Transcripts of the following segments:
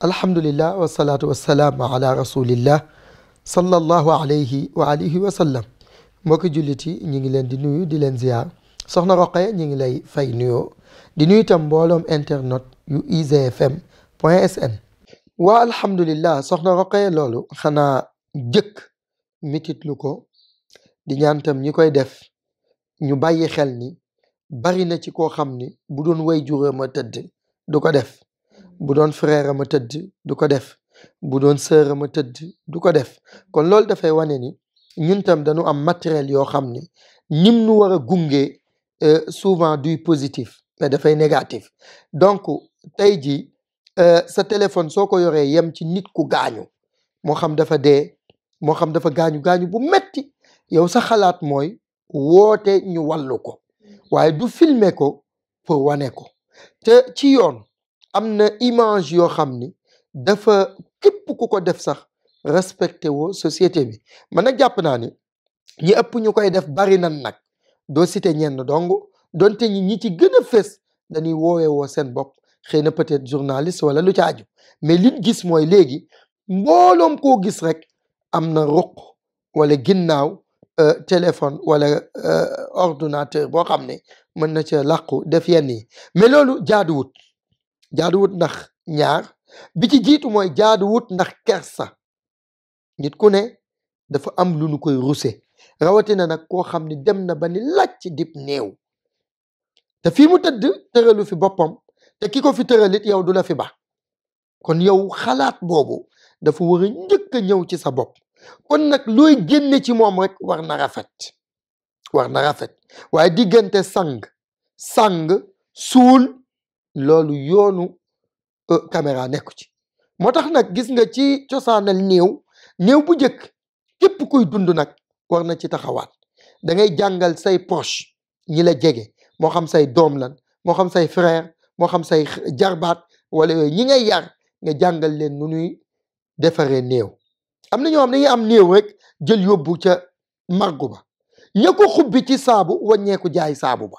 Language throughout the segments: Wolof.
alhamdulillah wasalaatu wasalaam ala rasulillah sallallahu alayhi wa alihi wa sallam mbokki jullit yi ñu ngi leen di nuyu di leen ziar soxna Roqe ñu ngi lay fay nuyoo di nuyu itam mbooloom internet yu IGFM point sn waa alhamdulillah soxna Roqe loolu xanaa jëkk mitit lu ko di ñaan tam ñi koy def ñu bàyyi xel ni bari na ci koo xam ni bu doon way juree ma tëdd du ko def bu doon frère ma tëdd du ko def bu doon sœur ma tëdd du ko def kon loolu dafay wane ni ñun tam dañu am matériel yoo xam ni nim nu war a gunge euh, souvent duy positif mais dafay négatif donc tey jii euh, sa téléphone soo ko yoree yem ci nit ku gaañu moo xam dafa dee moo xam dafa gaañu gaañu bu metti yow sa xalaat mooy woote ñu wàllu ko mm. waaye du filmer ko pour wane ko te ci yoon am na image yoo xam ni dafa képp ku ko def sax respecté woo société bi man nag jàpp naa ni ñi ëpp ñu koy def bari nan nag doo cité ñenn dong donte ñi ñi ci gën a fés dañuy woowee woo seen bopp xëy na peut-être journaliste wala lu ci mais liñ gis mooy léegi mbooloom koo gis rek am na ruq wala ginnaaw euh, téléphone wala euh, ordinateur boo xam ne mën na ca làqu def yenn yi mais loolu jaaduwut jaaduwut ndax ñaar bi ci jiitu mooy jaaduwut ndax kersa nit ku ne dafa am lu nu koy ruse rawatina nag koo xam ne dem na ba ni làcc dib néew te fii mu tëdd tëralu fi boppam te ki ko fi tëralit yow du la fi ba kon yow xalaat boobu dafa war njëkk a ñëw ci sa bopp kon nag looy génne ci moom rek war na rafet war na rafet waaye diggante sang sang suul loolu yoonu e, camera nekku ci moo tax nag gis nga ci cosaanal néew néew bu njëkk képp kuy dund nag war na ci taxawaat da ngay jàngal say proche ñi la jege moo xam say doom lan moo xam say frère moo xam say jarbaat wala yooyu ñi ngay yar nga jàngal leen nu ñuy defaree néew am na ñoo xam am néew rek jël yóbbu ca margu ba ña ko xubbi ci saabu wàññeeku jaay saabu ba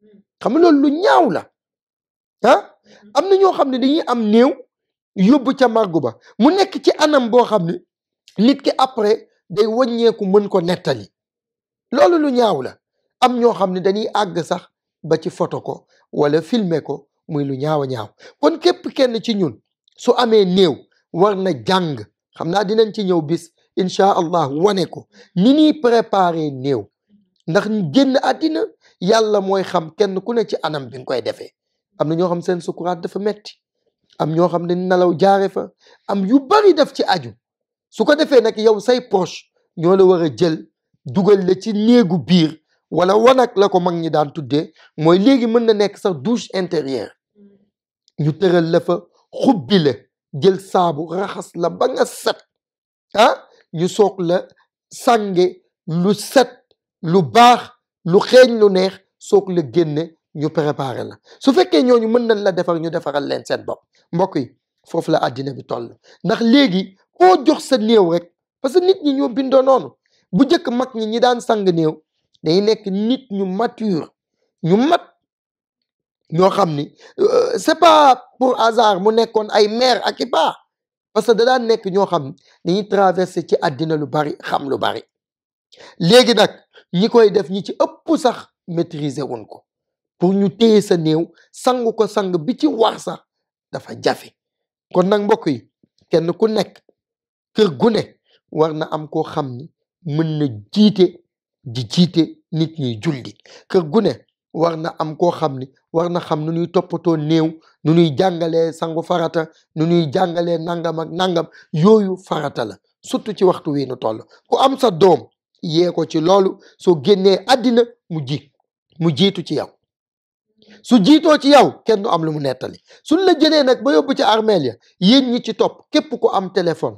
hmm. xam nga loolu lu ñaaw la ah am na ñoo xam ne dañuy am néew yóbbu ca màggu ba mu nekk ci anam boo xam ne nit ki après day wàññeeku mën ko nettali loolu lu ñaaw la am ñoo xam ne dañuy àgg sax ba ci photo ko wala filmer ko muy lu ñaaw a ñaaw kon képp kenn ci ñun su amee néew war na jàng xam naa dinañ ci ñëw bis incha allah wane ko ni ñuy préparer néew mm-hmm. ndax génn àddina yàlla mooy xam kenn ku ne ci anam bi koy defee am na ñoo xam seen sukuraat dafa metti am ñoo xam ne nelaw jaare fa am yu bari def ci aju su ko defee nag yow say poche ñoo la war a jël dugal la ci néegu biir wala wanag la ko mag ñi daan tuddee mooy léegi mën na nekk sax douche intérieure ñu tëral la fa xubbi la jël saabu raxas la ba nga set ah, ñu sook la sànge lu set lu baax lu xeeñ lu neex sook la génne ñu préparé la su fekkee ñooñu mën nañ la defar ñu defaral leen seen bopp mbokk yi foofu la àddina bi toll ndax léegi koo jox sa néew rek parce que nit ñi ñoo bindoo noonu bu njëkk mag ñi ñi daan sang néew day nekk nit ñu mature ñu mat ñoo xam ni euh, c'est pas pour hasard mu nekkoon ay mère ak i parce que da daan nekk ñoo xam ni dañuy traversé ci addina lu bari xam lu bari léegi nag ñi koy def ñi ci ëpp sax maitriser wuñ ko pour ñu téye sa néew sangu ko sang bi ci war dafa jafe kon nag mbokk yi kenn ku nekk kër gu ne war na am koo xam ni mën na jiite ji jiite nit ñuy julli kër gu ne war na am koo xam ni war na xam nu ñuy toppatoo néew nu ñuy jàngalee sangu farata nu ñuy jàngalee nangam ak nangam yooyu farata la surtout ci waxtu wi nu toll ku am sa doom yee ko ci loolu soo génnee àddina mu ji mu jiitu ci yow su jiitoo ci yow kenn du am lu mu nettali suñ la jëlee nag ba yóbbu ci armeel ya yéen ñi ci topp képp ku am téléphone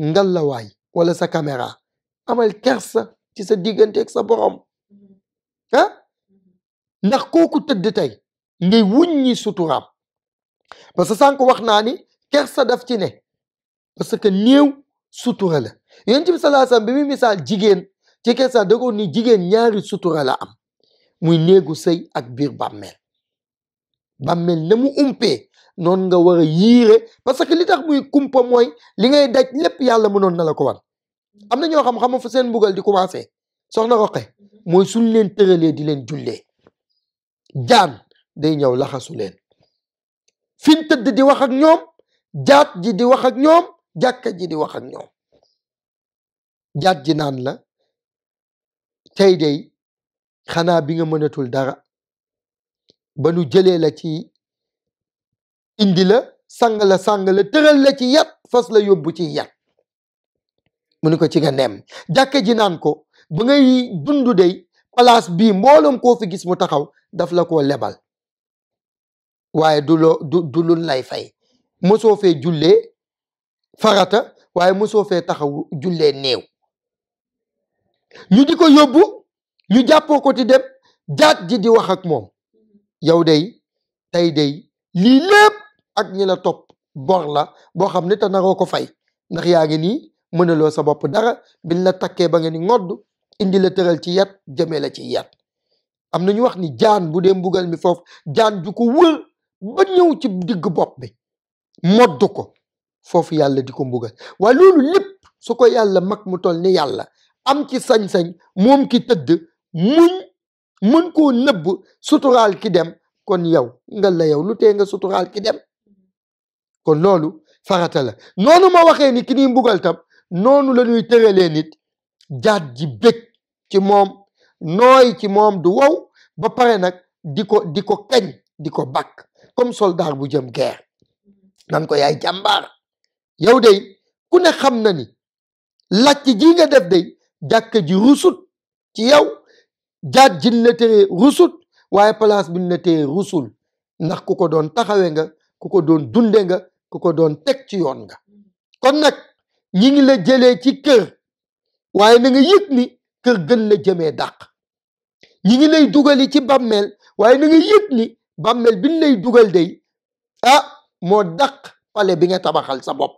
ngallawaay la wala sa kamera amal kersa ci sa digganteeg sa borom mm-hmm. ah mm-hmm. ndax kooku tëdd tey ngay wuññi suturaam parce que sànq wax naa ni kersa daf ci ne parce que néew sutura la yéen ci bi bi muy misaal jigéen ci kersa da ko ni jigéen ñaari sutura la am muy néegu sey ak biir bàmmeel bàmmeel na mu umpee noonu nga war a yiire parce que li tax muy kumpa mooy li ngay daj lépp yàlla mënoon na la ko wan am na ñoo xam xama fa seen mbugal di commencé soxna roqe mhm. mooy suñ leen tëralee di leen jullee jaan day ñëw laxasu leen fi ñu tëdd di wax ak ñoom jaat ji di wax ak ñoom jàkka ji di wax ak ñoom jaat ji naan la tey xanaa bi nga mënatul dara ba nu jëlee la ci indi la sang la sang la tëral la ci yat fas la yóbbu ci yat mu ni ko ci nga nem jàkka ji naan ko ba ngay dund dey place bii mbooloom koo fi gis mu taxaw daf la ko lebal waaye du loo du du lun lay fay mosoo fee jullee farata waaye mosoo fee taxaw jullee néew ñu di ko yóbbu ñu jàppoo ko ti dem jaat ji di wax ak moom yow day tey day lii lépp ak ñi la topp bor la boo xam ne te naroo ko fay ndax yaa ngi nii mënaloo sa bopp dara biñ la takkee ba nga ni ngodd indi la tëral ci yat jëmee la ci yat am na ñu wax ni jaan bu dee mbugal mi foofu jaan ju ko wër ba ñëw ci digg bopp bi modd ko foofu yàlla di ko mbugal waaye loolu lépp su ko yàlla mag mu toll ni yàlla am ci sañ-sañ moom ki tëdd muñ mën koo nëbb suturaal ki dem kon yow nga la yow lu tee nga suturaal ki dem kon loolu farata la noonu ma waxee ni ki ñuy mbugal tam noonu la ñuy nit jaat ji bég ci moom nooy ci moom du wow ba pare nag di ko di ko kañ di ko bakk comme soldat bu jëm guerre nan ko yaay jàmbaar yow day ku ne xam na ni làcc ji nga def day jàkk ji rusut ci yow jaat jin la téye waaye palace buñ la téye rusul ndax ku ko doon taxawe nga ku ko doon dunde nga ku ko doon teg ci yoon nga kon nag ñi ngi la jëlee ci kër waaye na nga kër gën la jëmee dàq ñi ngi lay dugali ci bàmmeel waaye na nga yëg ni biñ lay dugal day ah moo dàq pale bi nga tabaxal sa bopp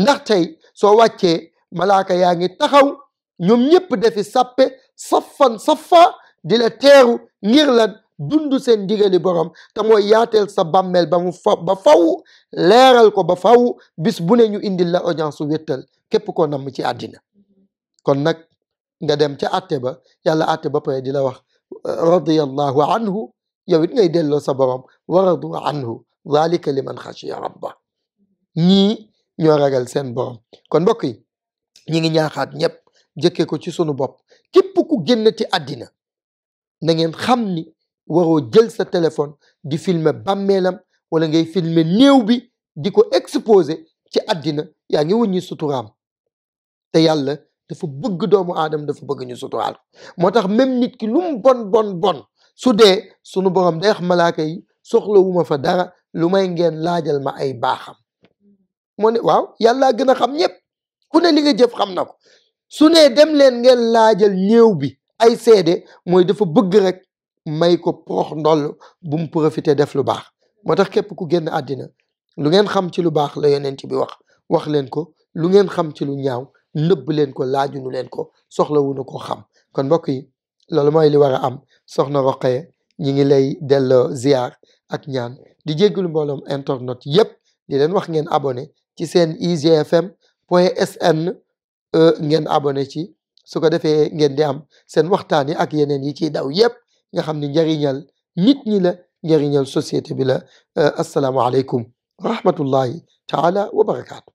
ndax tey soo wàccee malaaka yaa ngi taxaw ñoom ñëpp defi sappe saffan saffa di la teeru ngir lan dund seen digali borom te mooy yaateel sa bàmmeel ba mu fa ba faw leeral ko ba faw bis bu ne ñu indil la audience su wéttal képp koo namm ci àddina kon nag nga dem ca àtte ba yàlla àtte ba pare di la wax radiyallahu anhu yow it ngay delloo sa borom wa radu anhu zalika liman xashiya rabba ñii ñoo ragal seen borom kon mbokk yi ñi ngi ñaaxaat ñëpp jëkkee ko ci sunu bopp képp ku génnati àddina na ngeen xam ni waroo jël sa téléphone di filmer bàmmeelam wala ngay filmer néew bi di ko exposer ci àddina yaa ngi wëññi suturaam te yàlla dafa bëgg doomu aadama dafa bëgg ñu suturaal moo tax même nit ki lu bon bon bon su dee sunu borom day wax malaaka yi soxlawuma fa dara lu may ngeen laajal ma ay baaxam moo ne waaw yàlla gën a xam ñëpp ku ne li nga jëf xam na ko su ne dem leen ngeen laajal néew bi ay seede mooy dafa bëgg rek may ko prox ndoll bu mu profité def lu baax moo tax képp ku génn àddina lu ngeen xam ci lu baax la yonent bi wax wax leen ko lu ngeen xam ci lu ñaaw nëbb leen ko laaj nu leen ko soxlawunu ko xam kon mbokk yi loolu mooy li war a am soxna Roqaya ñi ngi lay delloo ziar ak ñaan di jéggalu mbooloom internet yépp di leen wax ngeen abonné ci seen iGFM point sn ngeen abonné ci su ko defee ngeen di am seen waxtaan yi ak yeneen yi ciy daw yépp nga xam ni njariñal nit ñi la njariñal société bi la assalaamu aleykum wa rahmatullahi taala wa barakaatu